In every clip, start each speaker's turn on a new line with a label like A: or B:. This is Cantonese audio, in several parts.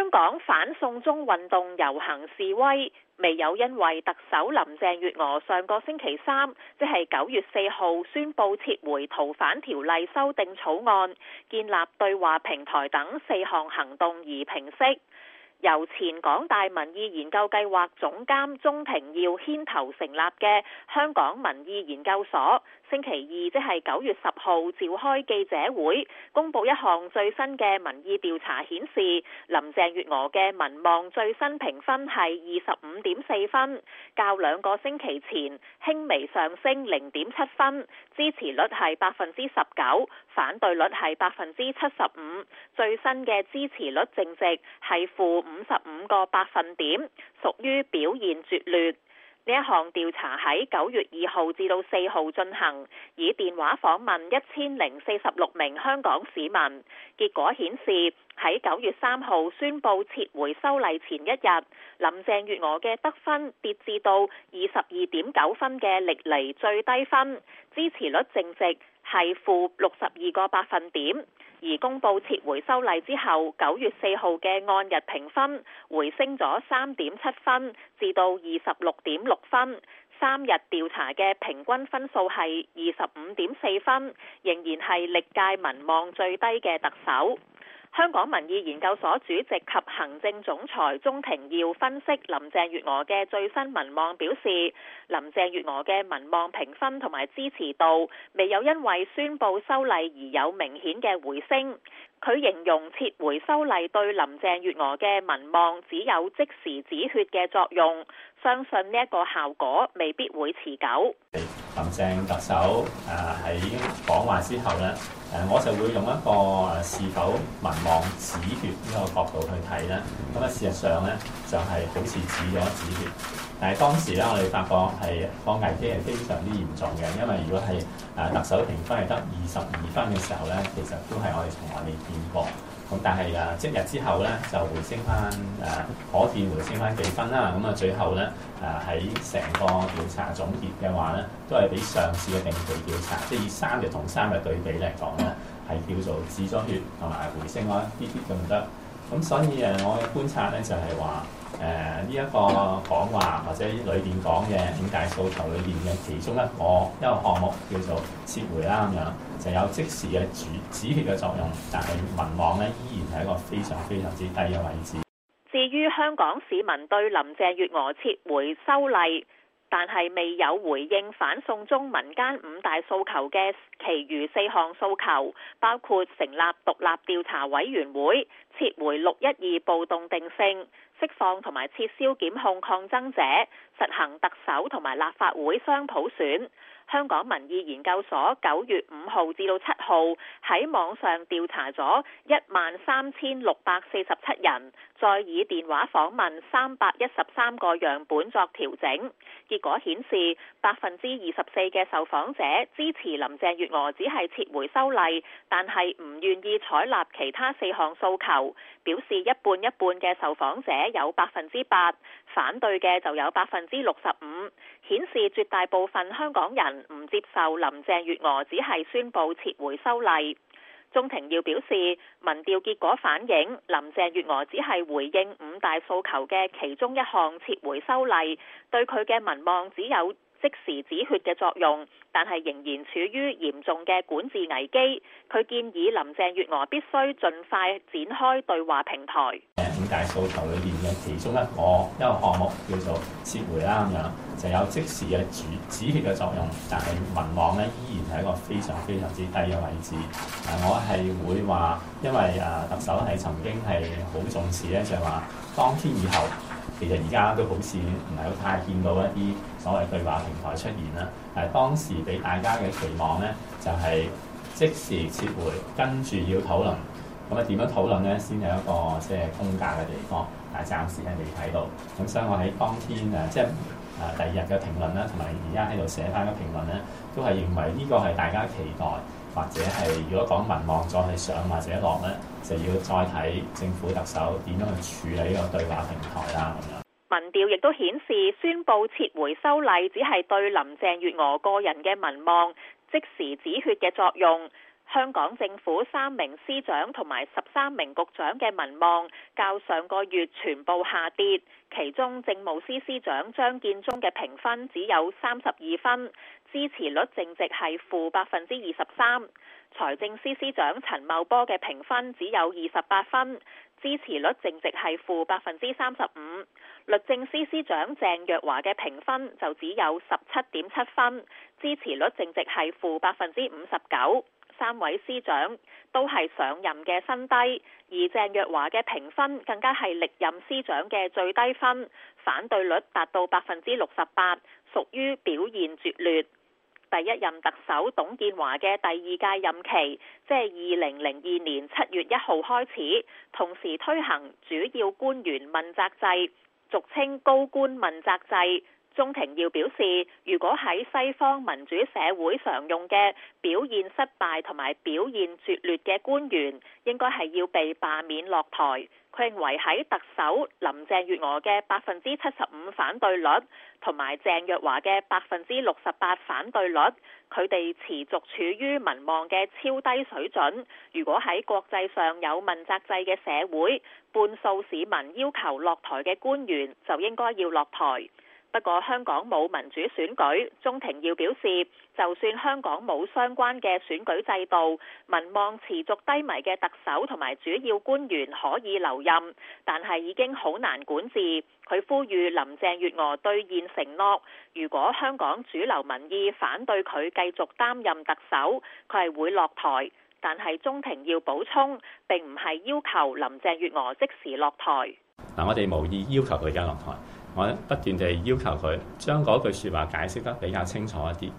A: 香港反送中運動遊行示威未有因為特首林鄭月娥上個星期三，即係九月四號宣布撤回逃犯條例修訂草案、建立對話平台等四項行動而平息。由前港大民意研究計劃總監鍾庭耀牽頭成立嘅香港民意研究所，星期二即係九月十號召開記者會，公布一項最新嘅民意調查顯示，林鄭月娥嘅民望最新評分係二十五點四分，較兩個星期前輕微上升零點七分，支持率係百分之十九，反對率係百分之七十五，最新嘅支持率淨值係負五十五個百分點，屬於表現絕劣。呢一項調查喺九月二號至到四號進行，以電話訪問一千零四十六名香港市民。結果顯示，喺九月三號宣布撤回修例前一日，林鄭月娥嘅得分跌至到二十二點九分嘅歷嚟最低分，支持率淨值係負六十二個百分點。而公布撤回修例之後，九月四號嘅按日評分回升咗三點七分，至到二十六點六分。三日調查嘅平均分數係二十五點四分，仍然係歷屆民望最低嘅特首。香港民意研究所主席及行政總裁鍾庭耀分析林鄭月娥嘅最新民望，表示林鄭月娥嘅民望評分同埋支持度未有因為宣布修例而有明顯嘅回升。佢形容撤回修例對林鄭月娥嘅民望只有即時止血嘅作用，相信呢一個效果未必會持久。
B: 林鄭特首誒喺講話之後咧，誒我就會用一個誒是否民望止血呢、呢個角度去睇咧。咁啊，事實上咧就係、係、好似止咗止血，但係當時咧我哋發覺係、個危機係非常之嚴重嘅，因為如果係誒特首評分係得二十二分嘅時候咧，其實都係我哋從來未見過。咁但係啊，即日之後咧就回升翻，誒、啊、可見回升翻幾分啦。咁、嗯、啊，最後咧誒喺成個調查總結嘅話咧，都係比上次嘅定期調查即、就是、以三日同三日對比嚟講咧，係叫做止咗血同埋回升咗一啲啲都唔得。咁、啊啊啊啊、所以誒、啊，我嘅觀察咧就係、是、話。誒呢、呃、一個講話，或者裏邊講嘅五大訴求裏邊嘅其中一個一個項目叫做撤回啦，咁樣就有即時嘅止止血嘅作用。但係民望呢，依然係一個非常非常之低嘅位置。
A: 至於香港市民對林鄭月娥撤回修例，但係未有回應反送中民間五大訴求嘅，其餘四項訴求包括成立獨立調查委員會、撤回六一二暴動定性。釋放同埋撤銷檢控抗爭者，實行特首同埋立法會雙普選。香港民意研究所九月五號至到七號喺網上調查咗一萬三千六百四十七人，再以電話訪問三百一十三個樣本作調整，結果顯示百分之二十四嘅受訪者支持林鄭月娥只係撤回修例，但係唔願意採納其他四項訴求，表示一半一半嘅受訪者有百分之八反對嘅就有百分之六十五。顯示絕大部分香港人唔接受林鄭月娥只係宣布撤回修例。鍾庭耀表示，民調結果反映林鄭月娥只係回應五大訴求嘅其中一項撤回修例，對佢嘅民望只有即時止血嘅作用，但係仍然處於嚴重嘅管治危機。佢建議林鄭月娥必須盡快展開對話平台。
B: 五大訴求裏邊嘅其中一個一個項目叫做撤回啦咁樣，就有即時嘅止止血嘅作用，但係民望咧依然係一個非常非常之低嘅位置。啊、我係會話，因為啊特首係曾經係好重視咧，就係話當天以後，其實而家都好似唔係好太見到一啲所謂對話平台出現啦。但係當時俾大家嘅期望咧，就係即時撤回，跟住要討論。咁啊點樣討論咧先有一個即係空間嘅地方，但係暫時係未睇到。咁所以我喺當天誒，即係誒第二日嘅評論啦，同埋而家喺度寫翻嘅評論咧，都係認為呢個係大家期待，或者係如果講民望再去上或者落咧，就要再睇政府特首點樣去處理呢個對話平台啦咁樣。
A: 民調亦都顯示，宣布撤回修例只係對林鄭月娥個人嘅民望即時止血嘅作用。香港政府三名司長同埋十三名局長嘅民望，較上個月全部下跌。其中政務司司長張建宗嘅評分只有三十二分，支持率淨值係負百分之二十三；財政司司長陳茂波嘅評分只有二十八分，支持率淨值係負百分之三十五；律政司司長鄭若驊嘅評分就只有十七點七分，支持率淨值係負百分之五十九。三位司長都係上任嘅新低，而鄭若驊嘅評分更加係歷任司長嘅最低分，反對率達到百分之六十八，屬於表現拙劣。第一任特首董建華嘅第二屆任期即係二零零二年七月一號開始，同時推行主要官員問責制，俗稱高官問責制。鍾庭耀表示，如果喺西方民主社會常用嘅表現失敗同埋表現拙劣嘅官員應該，係要被罷免落台。佢認為喺特首林鄭月娥嘅百分之七十五反對率同埋鄭若驊嘅百分之六十八反對率，佢哋持續處於民望嘅超低水準，如果喺國際上有問責制嘅社會，半數市民要求落台嘅官員就應該要落台。不過香港冇民主選舉，鍾庭耀表示，就算香港冇相關嘅選舉制度，民望持續低迷嘅特首同埋主要官員可以留任，但係已經好難管治。佢呼籲林鄭月娥兌現承諾，如果香港主流民意反對佢繼續擔任特首，佢係會落台。但係鍾庭耀補充，並唔係要求林鄭月娥即時落
B: 台。嗱，我哋無意要求佢而家落台。我不斷地要求佢將嗰句説話解釋得比較清楚一啲，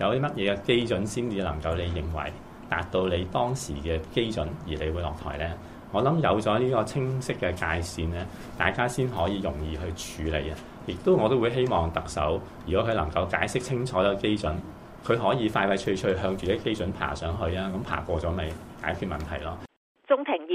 B: 有啲乜嘢嘅基準先至能夠你認為達到你當時嘅基準，而你會落台呢？我諗有咗呢個清晰嘅界線咧，大家先可以容易去處理啊！亦都我都會希望特首，如果佢能夠解釋清楚個基準，佢可以快快脆脆向住啲基準爬上去啊！咁爬過咗咪解決問題咯。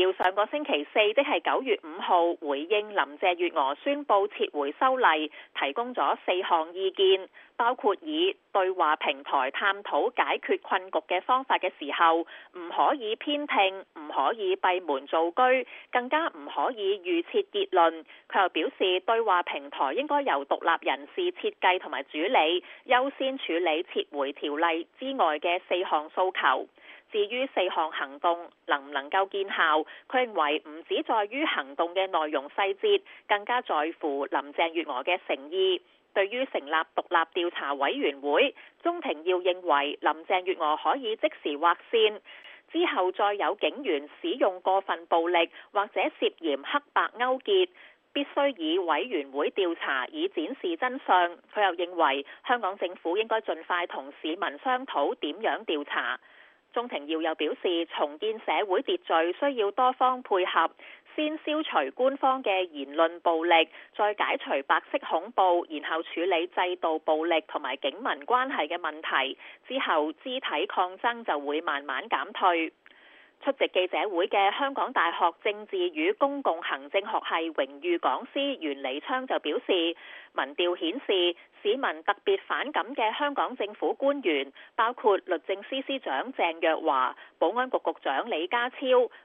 A: 要上個星期四即係九月五號回應林鄭月娥宣布撤回修例，提供咗四項意見，包括以對話平台探討解決困局嘅方法嘅時候，唔可以偏聽，唔可以閉門造車，更加唔可以預設結論。佢又表示，對話平台應該由獨立人士設計同埋主理，優先處理撤回條例之外嘅四項訴求。至於四項行動能唔能夠見效，佢認為唔只在於行動嘅內容細節，更加在乎林鄭月娥嘅誠意。對於成立獨立調查委員會，鍾庭耀認為林鄭月娥可以即時劃線，之後再有警員使用過分暴力或者涉嫌黑白勾結，必須以委員會調查以展示真相。佢又認為香港政府應該盡快同市民商討點樣調查。鍾庭耀又表示，重建社會秩序需要多方配合，先消除官方嘅言論暴力，再解除白色恐怖，然後處理制度暴力同埋警民關係嘅問題，之後肢體抗爭就會慢慢減退。出席記者會嘅香港大學政治與公共行政學系榮譽講師袁黎昌就表示。民調顯示，市民特別反感嘅香港政府官員包括律政司司長鄭若驊、保安局局長李家超、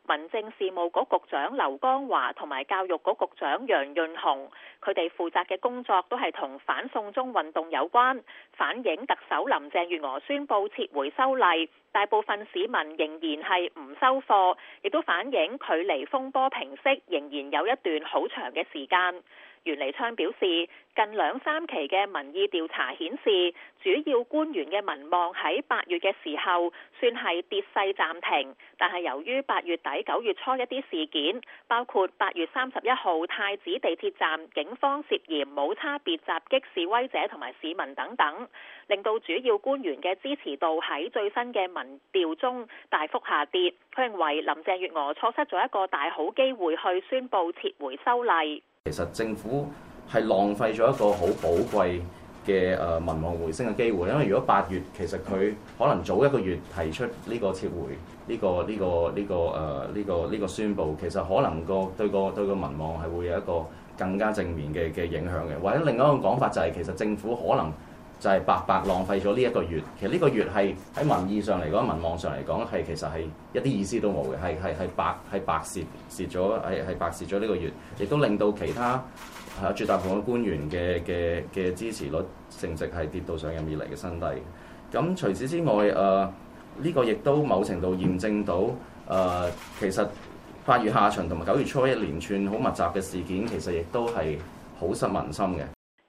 A: 民政事務局局長劉江華同埋教育局局長楊潤雄，佢哋負責嘅工作都係同反送中運動有關。反映特首林鄭月娥宣布撤回修例，大部分市民仍然係唔收貨，亦都反映距離風波平息仍然有一段好長嘅時間。袁黎昌表示，近兩三期嘅民意調查顯示，主要官員嘅民望喺八月嘅時候算係跌勢暫停，但係由於八月底九月初一啲事件，包括八月三十一號太子地鐵站警方涉嫌冇差別襲擊擊示威者同埋市民等等，令到主要官員嘅支持度喺最新嘅民調中大幅下跌。佢認為林鄭月娥錯失咗一個大好機會去宣布撤回修例。
C: 其實政府係浪費咗一個好寶貴嘅誒民望回升嘅機會，因為如果八月其實佢可能早一個月提出呢個撤回呢個呢個呢個誒呢個呢個宣布，其實可能個對個對個民望係會有一個更加正面嘅嘅影響嘅，或者另一種講法就係其實政府可能。就係白白浪費咗呢一個月。其實呢個月係喺民意上嚟講、民望上嚟講，係其實係一啲意思都冇嘅，係係係白係白蝕蝕咗，係係白蝕咗呢個月，亦都令到其他絕大部分官員嘅嘅嘅支持率成績係跌到上任以來嘅新低。咁除此之外，誒、呃、呢、這個亦都某程度驗證到誒、呃、其實八月下旬同埋九月初一連串好密集嘅事件，其實亦都係好失民心嘅。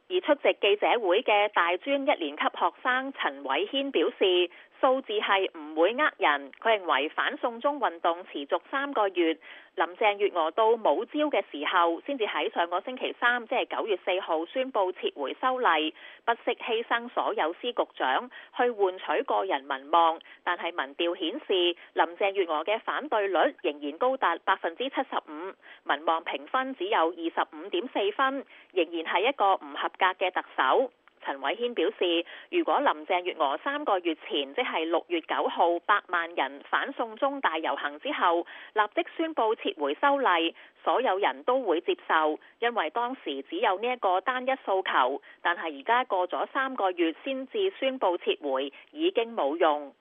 C: 而
A: 出席記者會嘅大專一年級學生陳偉軒表示，數字係唔會呃人。佢認為反送中運動持續三個月，林鄭月娥到冇招嘅時候，先至喺上個星期三，即係九月四號宣布撤回修例，不惜犧牲所有司局長去換取個人民望。但係民調顯示，林鄭月娥嘅反對率仍然高達百分之七十五，民望評分只有二十五點四分，仍然係一個唔合格嘅特。走，陳偉謙表示，如果林鄭月娥三個月前，即係六月九號百萬人反送中大遊行之後，立即宣布撤回修例，所有人都會接受，因為當時只有呢一個單一訴求。但係而家過咗三個月先至宣布撤回，已經冇用。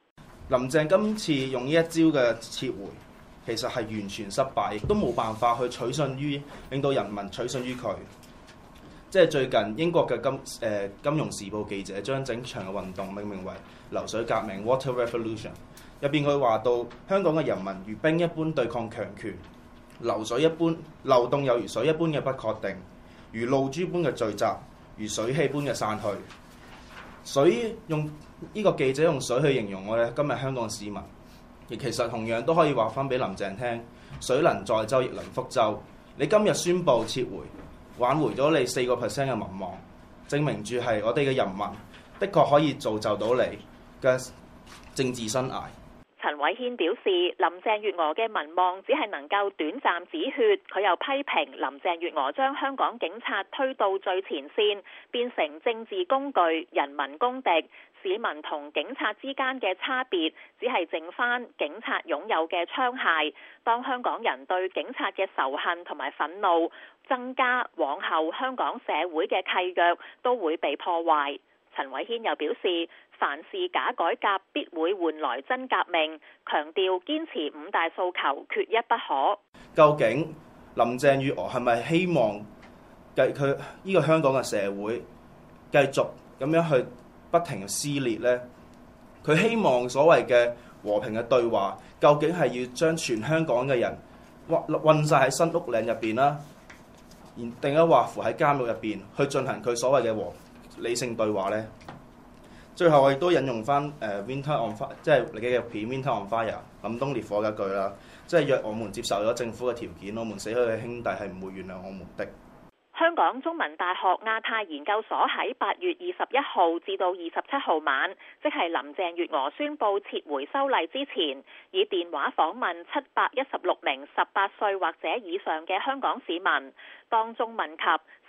C: 林鄭今次用呢一招嘅撤回，其實係完全失敗，亦都冇辦法去取信於令到人民取信於佢。即係最近英國嘅金誒、呃、金融時報記者將整場嘅運動命名為流水革命 （Water Revolution）。入邊佢話到香港嘅人民如冰一般對抗強權，流水一般流動有如水一般嘅不確定，如露珠般嘅聚集，如水氣般嘅散去。水用呢個記者用水去形容我哋今日香港市民，亦其實同樣都可以話翻俾林鄭聽：水能載舟亦能覆舟。你今日宣布撤回。挽回咗你四個 percent 嘅民望，證明住係我哋嘅人民，的確可以造就到你嘅政治生涯。
A: 陳偉軒表示，林鄭月娥嘅民望只係能夠短暫止血，佢又批評林鄭月娥將香港警察推到最前線，變成政治工具、人民公敵。市民同警察之間嘅差別，只係剩翻警察擁有嘅槍械。當香港人對警察嘅仇恨同埋憤怒增加，往後香港社會嘅契約都會被破壞。陳偉軒又表示，凡事假改革必會換來真革命，強調堅持五大訴求，缺一不可。
C: 究竟林鄭月娥係咪希望繼續呢個香港嘅社會繼續咁樣去？不停撕裂咧，佢希望所謂嘅和平嘅對話，究竟係要將全香港嘅人鬱鬱曬喺新屋嶺入邊啦，而定咗畫符喺監獄入邊去進行佢所謂嘅和理性對話咧。最後我亦都引用翻誒 Winter on Fire，即係你嘅片 Winter on Fire《凜冬烈火》嘅一句啦，即係若我們接受咗政府嘅條件，我們死去嘅兄弟係唔會原諒我們的，的。
A: 香港中文大學亞太研究所喺八月二十一號至到二十七號晚，即係林鄭月娥宣布撤回修例之前，以電話訪問七百一十六名十八歲或者以上嘅香港市民，當中問及，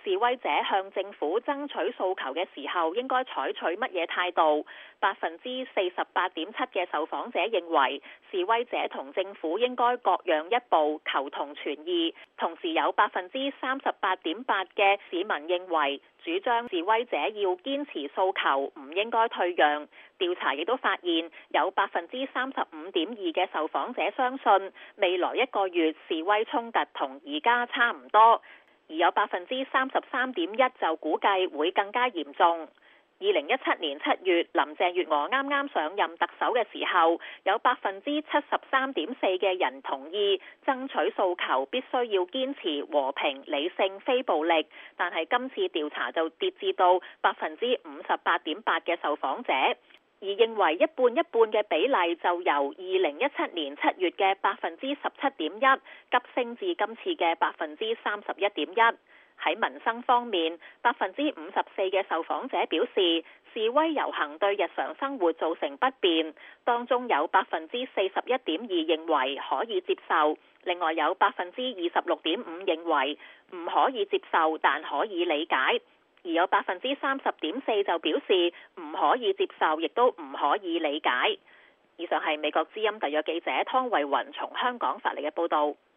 A: 示威者向政府爭取訴求嘅時候，應該採取乜嘢態度？百分之四十八點七嘅受訪者認為示威者同政府應該各讓一步，求同存異。同時有百分之三十八點八嘅市民認為，主張示威者要堅持訴求，唔應該退讓。調查亦都發現，有百分之三十五點二嘅受訪者相信未來一個月示威衝突同而家差唔多。而有百分之三十三點一就估計會更加嚴重。二零一七年七月，林鄭月娥啱啱上任特首嘅時候，有百分之七十三點四嘅人同意爭取訴求必須要堅持和平、理性、非暴力。但係今次調查就跌至到百分之五十八點八嘅受訪者。而認為一半一半嘅比例就由二零一七年七月嘅百分之十七點一急升至今次嘅百分之三十一點一。喺民生方面，百分之五十四嘅受訪者表示示威遊行對日常生活造成不便，當中有百分之四十一點二認為可以接受，另外有百分之二十六點五認為唔可以接受，但可以理解。而有百分之三十點四就表示唔可以接受，亦都唔可以理解。以上係美國之音特約記者湯慧雲從香港發嚟嘅報道。